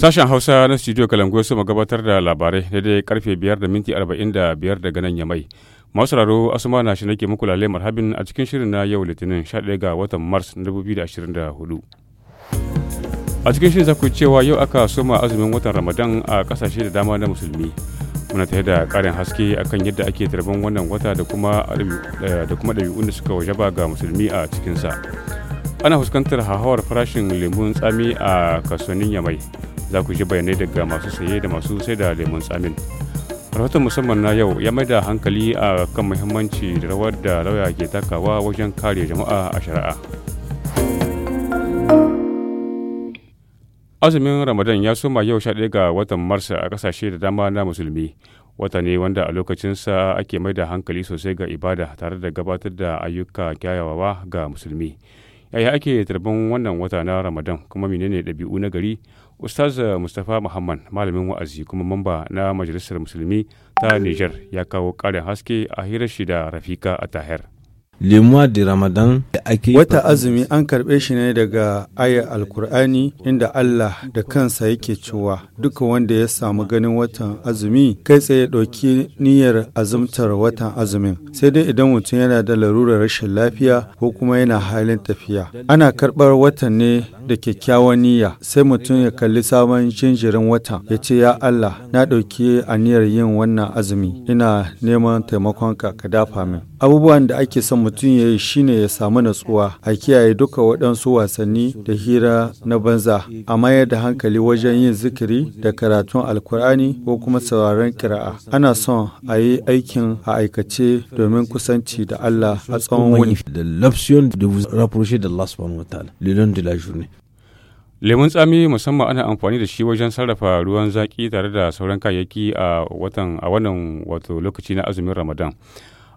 Sashen Hausa na Studio Kalangoyo su gabatar da labarai daidai karfe 5 da minti 45 daga nan yamai. Masu raro Asuma na shi nake muku lalle marhabin a cikin shirin na yau Litinin 11 ga watan Mars 2024. A cikin shirin zaku cewa yau aka soma azumin watan Ramadan a kasashe da dama na musulmi. Muna tare da karin haske akan yadda ake tarban wannan wata eh, da kuma ɗabi'un da suka wajaba ga musulmi a cikinsa. Ana fuskantar hahawar farashin lemun tsami a kasuwannin Yamai. za ku ji bayanai daga masu saye da masu sai da lemun tsamin rahoton musamman na yau ya mai da hankali a kan muhimmanci da rawar da lauya ke takawa wajen kare jama'a a shari'a azumin ramadan ya soma yau 11 ga watan marsa a kasashe da dama na musulmi wata ne wanda a lokacinsa ake mai da hankali sosai ga ibada tare da gabatar da ayyuka kyawawa ga musulmi yaya ake tarbin wannan wata na ramadan kuma menene ɗabi'u na gari Ustaz eh, Mustapha Muhammad malamin wa'azi kuma mamba na Majalisar Musulmi ta Nijar ya kawo ƙarin haske a hirar shi da Rafika a Tahir. Lemuwa da Ramadan da ake Wata azumi an karɓe shi ne daga ayar Alkur'ani inda Allah da kansa yake cewa duka wanda ya samu ganin watan azumi kai tsaye ɗauki niyyar azumtar watan azumin sai dai idan mutum yana da larurar rashin lafiya ko kuma yana halin tafiya. Ana karɓar watan ne da kyakkyawan niyya sai mutum ya kalli sabon jinjirin watan ya ce ya Allah na ɗauki aniyar yin wannan azumi ina neman taimakonka ka dafa min. abubuwan da ake son mutum ya yi shine ya samu natsuwa a kiyaye duka waɗansu wasanni da hira na banza a mayar da hankali wajen yin zikiri da karatun alkur'ani ko kuma sauraron kira'a ana son a yi aikin a aikace domin kusanci da allah a tsawon wuni lemun tsami musamman ana amfani da shi wajen sarrafa ruwan zaki tare da sauran kayayyaki a wannan wato lokaci na azumin ramadan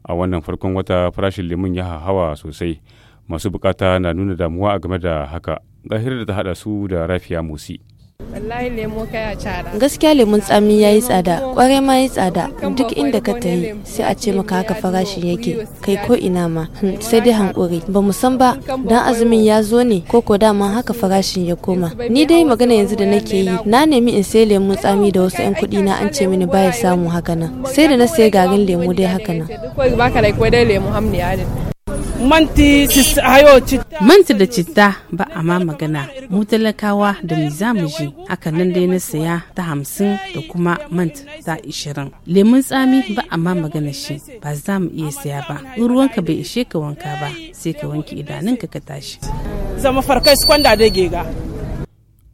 a wannan farkon wata farashin lemun ya hawa sosai masu bukata na nuna damuwa a game da haka gahir da ta hada su da rafiya musi. wallahi lemo kaya gaskiya lemun tsami yayi tsada kwarai ma yayi tsada duk inda ka tayi sai a ce maka haka farashin yake kai ko ina ma hmm, sai dai hankuri ba mu san ba dan azumin ya zo ne ko ko dama haka farashin ya koma ni dai magana yanzu da nake yi na nemi in sai lemun tsami da wasu yan kuɗi na an ce mini baya samu haka nan sai da na sai garin lemu dai haka nan manti da citta ba a ma magana mu talakawa da mu za mu ji hakan nan dai na saya ta hamsin da kuma mant ta ishirin lemun tsami ba a ma magana shi ba za mu iya saya ba in ruwanka bai ishe ka wanka ba sai ka wanke idanunka ka tashi zama farkai kwanda da gega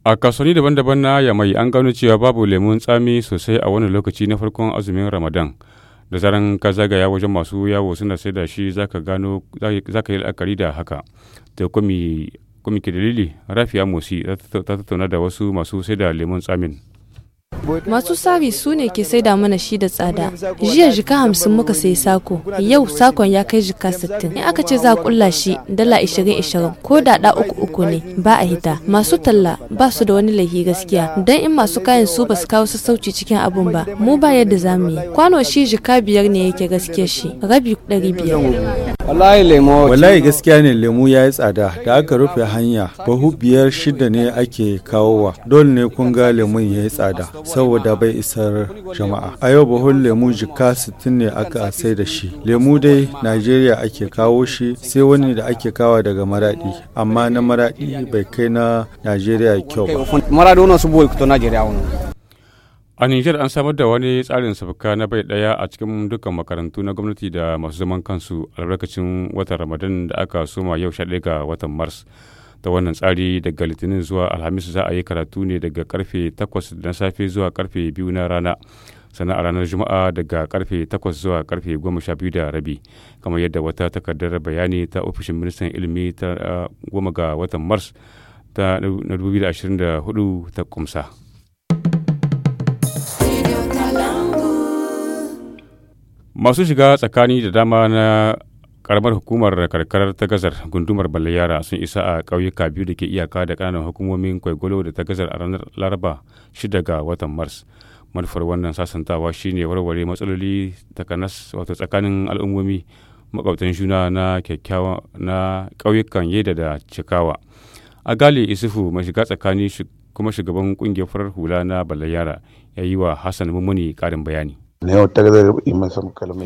a kasuwanni daban-daban na yamai an gano cewa babu lemun tsami sosai a wani lokaci na farkon azumin ramadan da zaran ka zagaya wajen masu yawo suna sai da shi za gano zaka yi la'akari da haka da kuma ke dalili rafiya musi ta tattauna da wasu masu sai da lemun tsamin Masu sabi su ne ke saida mana shi da tsada. Jiya jika hamsin muka sayi sako, yau sakon ya kai jika sittin. In aka ce za a kulla shi dala ishirin ishirin ko da da uku uku ne ba a hita. Masu talla ba su da wani laifi gaskiya. Dan in masu kayan su ba su kawo sassauci cikin abun ba, mu ba yadda za mu yi. Kwano shi jika biyar ne yake gaskiya shi, rabi ɗari biyar. wallahi lemo wallahi gaskiya ne lemo ya yi tsada da aka rufe hanya bahu biyar shida ne ake kawowa dole ne kun ga lemon ya yi tsada saboda bai isar jama'a a yau bahun lemu jika 60 ne aka sai da shi lemu dai najeriya ake kawo shi sai wani da ake kawo daga maradi amma na maradi bai kai na najeriya kyau ba maradi su bai najeriya A Nijar an samar da wani tsarin sabuka na bai ɗaya a cikin dukkan makarantu na gwamnati da masu zaman kansu albarkacin watan Ramadan da aka soma yau sha ga watan Mars. ta wannan tsari daga Litinin zuwa Alhamis za a yi karatu ne daga karfe 8 na safe zuwa karfe 2 na rana. sana a ranar juma'a daga karfe 8 zuwa karfe 12 da rabi kamar yadda wata takardar bayani ta ofishin ministan ilimi ta goma ga watan mars ta 2024 ta kumsa. masu shiga tsakani da dama na karamar hukumar karkarar ta gazar gundumar balayara sun isa a ƙauyuka biyu da ke iyaka da ƙananan hukumomin kwaigolo da ta gazar a ranar laraba 6 ga watan mars manufar wannan sasantawa shine warware matsaloli takanas wato tsakanin al'ummomi makwabtan juna na kyakkyawa na ƙauyukan yeda da cikawa a gali isufu mai shiga tsakani kuma shugaban ƙungiyar farar hula na balayara ya yi wa hassan mummuni ƙarin bayani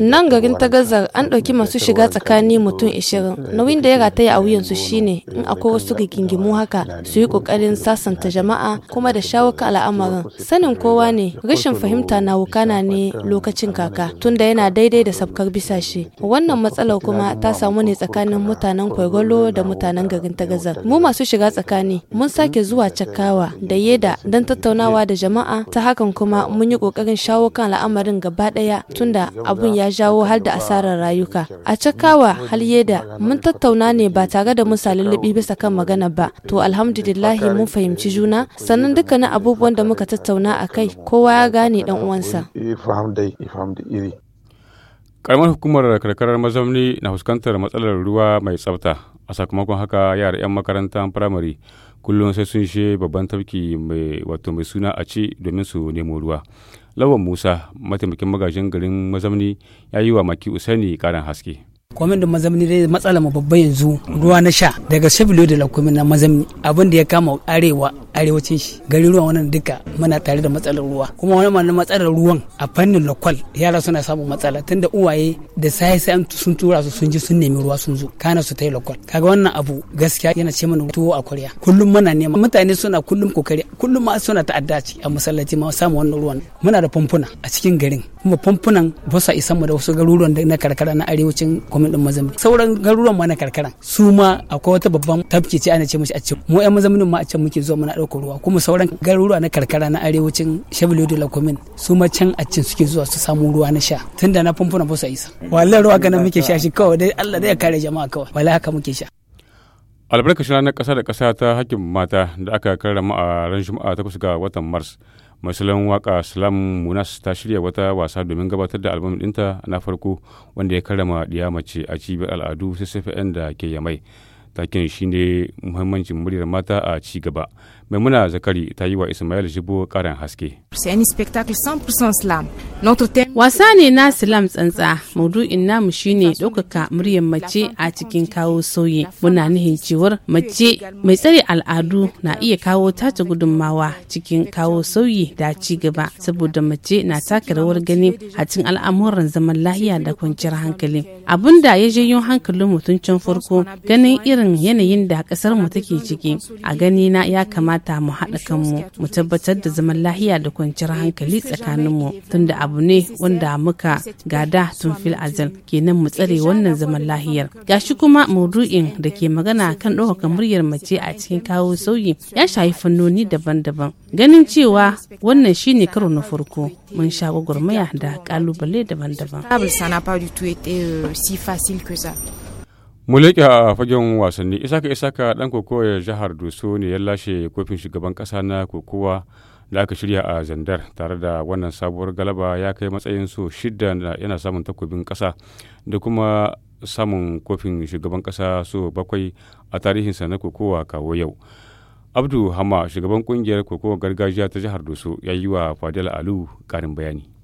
Nan garin Tagazar an ɗauki masu shiga tsakani mutum 20. Nauyin da ya rataya a wuyansu shine in akwai wasu rigingimu haka su yi ƙoƙarin sasanta jama'a kuma da shawo kan al'amarin. Sanin kowa ne rashin fahimta na wukana ne lokacin kaka tunda yana daidai da sabkar bisa shi, Wannan matsalar kuma ta samu ne tsakanin mutanen Kwargwalo da mutanen garin Tagazar. Mu masu shiga tsakani mun sake zuwa Cakawa da Yeda don tattaunawa da jama'a ta hakan kuma mun yi ƙoƙarin shawo kan al'amarin gaba daya tunda eh, abun ya jawo har da asarar rayuka a cakawa halyeda mun tattauna ne ba tare da mun salilibi bisa kan magana ba to eh, alhamdulillahi mun fahimci juna sannan dukkanin abubuwan da muka tattauna a kai kowa ya gane dan uwansa karamar hukumar karkarar mazamni na fuskantar matsalar ruwa mai tsafta a sakamakon haka yara 'yan makarantar firamare kullum sai sun she babban tafki mai wato mai suna a ce domin su nemo ruwa lawan musa mataimakin magajin garin mazamni ya yi wa maki usaini karin haske Komin da mazamni dai matsala mu babba yanzu ruwa na sha daga shabilo da lakwami na mazamni abin da ya kama arewa arewacin shi gari ruwan wannan duka muna tare da matsalar ruwa kuma wani mana matsalar ruwan a fannin lokwal yara suna samun matsala tunda uwaye da sai sai sun tura su sun ji sun nemi ruwa sun zo kana su tai lokwal kaga wannan abu gaskiya yana ce mana tuwo a kwarya kullum muna nema mutane suna kullum kokari kullum ma suna ta'addaci a masallaci ma samu wannan ruwan muna da famfuna a cikin garin kuma fumfunan ba sa isa mu da wasu garuruwan na karkara na arewacin kwamin din mazamni sauran garuruwan ma na karkara. su ma akwai wata babban tafki ce ana ce mishi a ce mu yan mazan ma a can muke zuwa muna ɗaukar ruwa kuma sauran garuruwa na karkara na arewacin de da lakomin su ma can a can suke zuwa su samu ruwa na sha tunda na famfuna fosa isa wallahi ruwa ganin muke sha shi kawai dai Allah zai kare jama'a kawai wallahi haka muke sha albarkacin ranar ƙasa da ƙasa ta hakkin mata da aka karrama a ran juma'a kusa ga watan mars masalan waka salam munas ta shirya wata wasa domin gabatar da albam dinta na farko wanda ya karrama ɗiya mace a cibiyar al'adu ccfn da ke yamai takin shine muhimmancin muryar mata a ci gaba Maimuna Zakari ta yi wa Ismail Jibo karin haske. Wasa ne na Slam tsantsa, maudu'in namu shine ɗaukaka muryar mace a cikin kawo sauyi. Muna nihin cewar mace mai tsare al'adu na iya kawo tace gudunmawa cikin kawo sauyi da ci gaba, saboda mace na taka rawar gani a cikin al'amuran zaman lahiya da kwanciyar hankali. Abin da ya janyo hankalin mutuncin can farko ganin irin yanayin da ƙasar mu take ciki, a gani na ya kamata kamata mu haɗa kanmu mu tabbatar da zaman lahiya da kwanciyar hankali tsakaninmu tunda abu ne wanda muka gada tun fil azal kenan mu tsare wannan zaman lahiyar gashi kuma maudu'in da ke magana kan ɗaukaka muryar mace a cikin kawo sauyi ya shafi fannoni daban-daban ganin cewa wannan shine karo na farko mun sha gwagwarmaya da ƙalubale daban-daban mu leƙe a fagen wasanni isaka isaka ɗan kokowa jihar doso ne ya lashe kofin shugaban ƙasa na kokowa da aka shirya a zandar tare da wannan sabuwar galaba ya kai matsayin so shidda yana samun takobin kasa da kuma samun kofin shugaban ƙasa so bakwai a tarihinsa na kokowa kawo yau abdu hama shugaban kungiyar kokowa gargajiya ta jihar doso ya yi wa fadil alu ƙarin bayani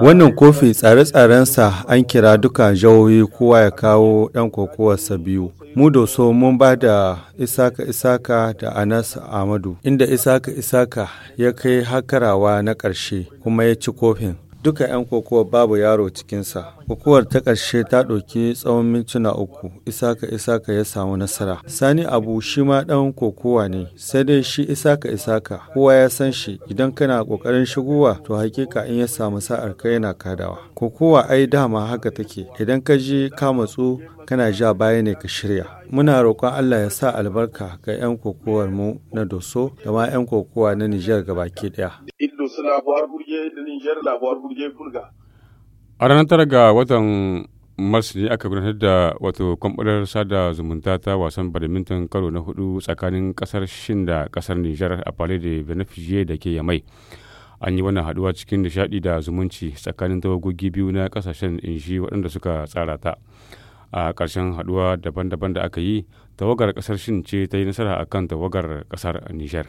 Wannan kofi tsare-tsarensa an kira duka jawoyi kowa ya kawo ɗan kokowarsa biyu. Mu da so mun ba da Isaka Isaka da Anas Ahmadu, inda Isaka Isaka ya kai hakarawa na ƙarshe kuma ya ci kofin. duka 'yan kokowar babu yaro cikinsa. Kokowar ta ƙarshe ta ɗauki tsawon mintuna uku, Isaka Isaka ya samu nasara. Sani Abu shi ma ɗan kokowa ne, sai dai shi Isaka Isaka, kowa ya san shi idan kana ƙoƙarin shigowa to hakika in ya samu sa'ar kai yana kadawa. Kokowa ai dama haka take, idan ka ji ka matsu kana ja baya ne ka shirya. Muna roƙon Allah ya sa albarka ga 'yan kokowar mu na Doso da ma 'yan kokowa na Nijar gabaki ɗaya. su labuwar burge da Nijar labuwar burge A ranar tara ga watan Mars ne aka gudanar da wato kwamfadar sada zumunta ta wasan badminton karo na hudu tsakanin kasar Shin da kasar Nijar a Palais de Benefice da ke Yamai. An yi wannan haduwa cikin nishadi da zumunci tsakanin tawagogi biyu na kasashen inji waɗanda suka tsara ta. a ƙarshen haɗuwa daban-daban da aka yi tawagar ƙasar shin ce ta yi nasara akan tawagar ƙasar nijar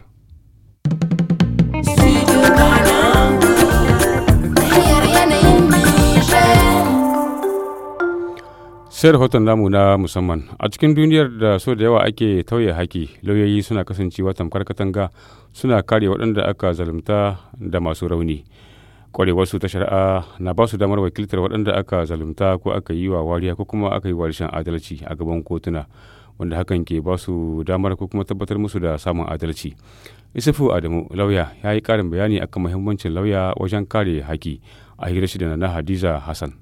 sai rahoton namu na musamman a cikin duniyar da so da yawa ake tauye haki lauyoyi suna kasancewa tamkar katanga suna kare waɗanda aka zalunta da masu rauni ƙwarewarsu ta shari'a na ba su damar wakiltar waɗanda aka zalunta ko aka yi wa wariya ko kuma aka yi wa rashin adalci a gaban kotuna wanda hakan ke ba su damar ko kuma tabbatar musu da samun adalci isufu adamu lauya ya yi karin bayani akan muhimmancin lauya wajen kare haƙƙi a hira shida na hadiza hassan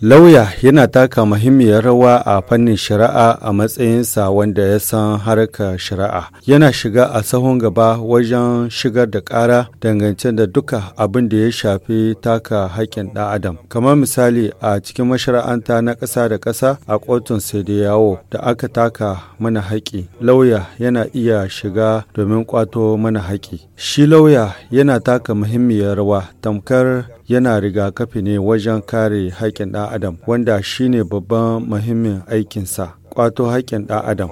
Lauya yana taka muhimmiyar rawa a fannin shari'a a matsayinsa wanda ya san harkar shari'a. Yana shiga a sahun gaba wajen shigar da ƙara dangance da duka abin da ya shafi taka haƙƙin ɗan adam. Kamar misali a cikin mashara'anta na ƙasa da ƙasa a kotun yawo da aka taka mana haƙƙi. Lauya yana iya shiga domin ƙwato mana haƙƙi. Shi lauya yana taka muhimmiyar rawa tamkar yana rigakafi ne wajen kare haƙƙin ɗan adam wanda shine babban muhimmin aikinsa kwato haƙƙin ɗan adam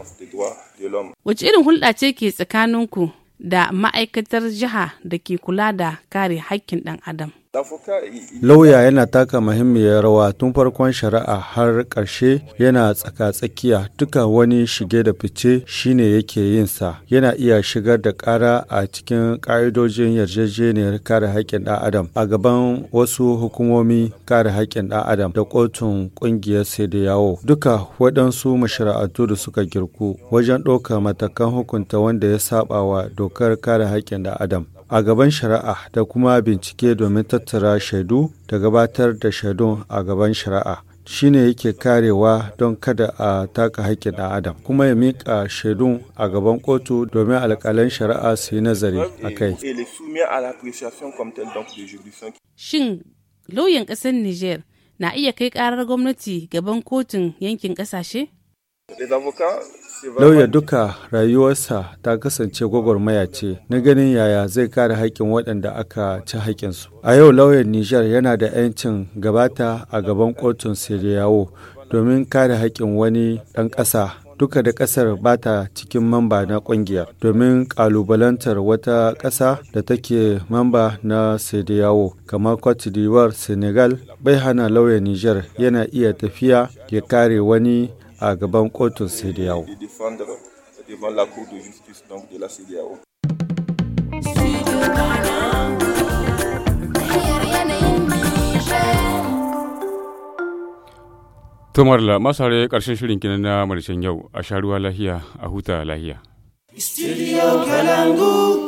wace irin hulɗa ce ke tsakaninku da ma'aikatar jiha da ke kula da kare haƙƙin ɗan adam Lauya yana taka muhimmiyar rawa tun farkon shari'a har ƙarshe yana tsaka-tsakiya duka wani shige da fice shine yake yin sa yana iya shigar da ƙara a cikin ƙa'idojin yarjejeniyar kare haƙƙin ɗan adam a gaban wasu hukumomi kare haƙƙin ɗan adam da kotun ƙungiyar sai da yawo duka waɗansu mashara'atu da suka girku wajen ɗaukar matakan hukunta wanda ya saɓa wa dokar kare haƙƙin ɗan adam a gaban shari'a da kuma bincike domin tattara shaidu da gabatar da shaidun a gaban shari'a shine yake karewa don kada a taka haƙƙin ɗan adam kuma ya miƙa shaidun a gaban kotu domin alƙalan shari'a su yi nazari a kai shin lauyan ƙasar niger na iya kai ƙarar gwamnati gaban kotun yankin ƙasashe Lauya duka rayuwarsa ta kasance gwagwarmaya ce na ganin yaya zai kare haƙƙin waɗanda aka ci haƙƙinsu. A yau lauyan Nijar yana da 'yancin gabata a gaban kotun Siriyawo domin kare haƙƙin wani ɗan ƙasa duka da ƙasar bata cikin mamba na ƙungiyar domin ƙalubalantar wata ƙasa da take mamba na Sediyawo kamar Cote d'Ivoire Senegal bai hana lauyan Nijar yana iya tafiya ya kare wani a gaban kotun CDAO. Tumarla uh, masu hare ƙarshen shirin kinan na marishin yau a sharuwa lahiya a huta lahiya. Studio Kalangu.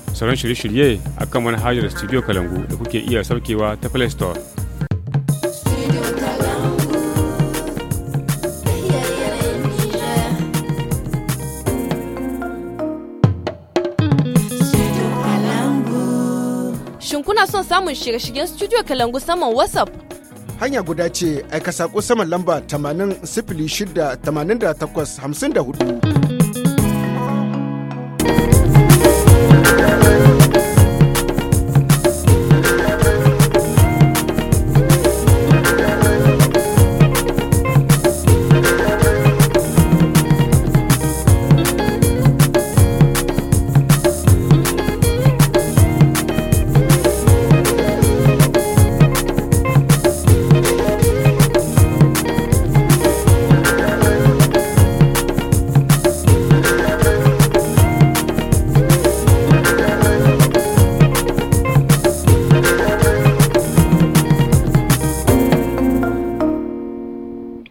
sauran shirye-shirye a kan manhajar Studio Kalangu da kuke iya saukewa ta Play Store. Shin kuna son samun shirye-shiryen Studio Kalangu saman WhatsApp? Hanya guda ce aika saƙo saman lamba 80 68 54.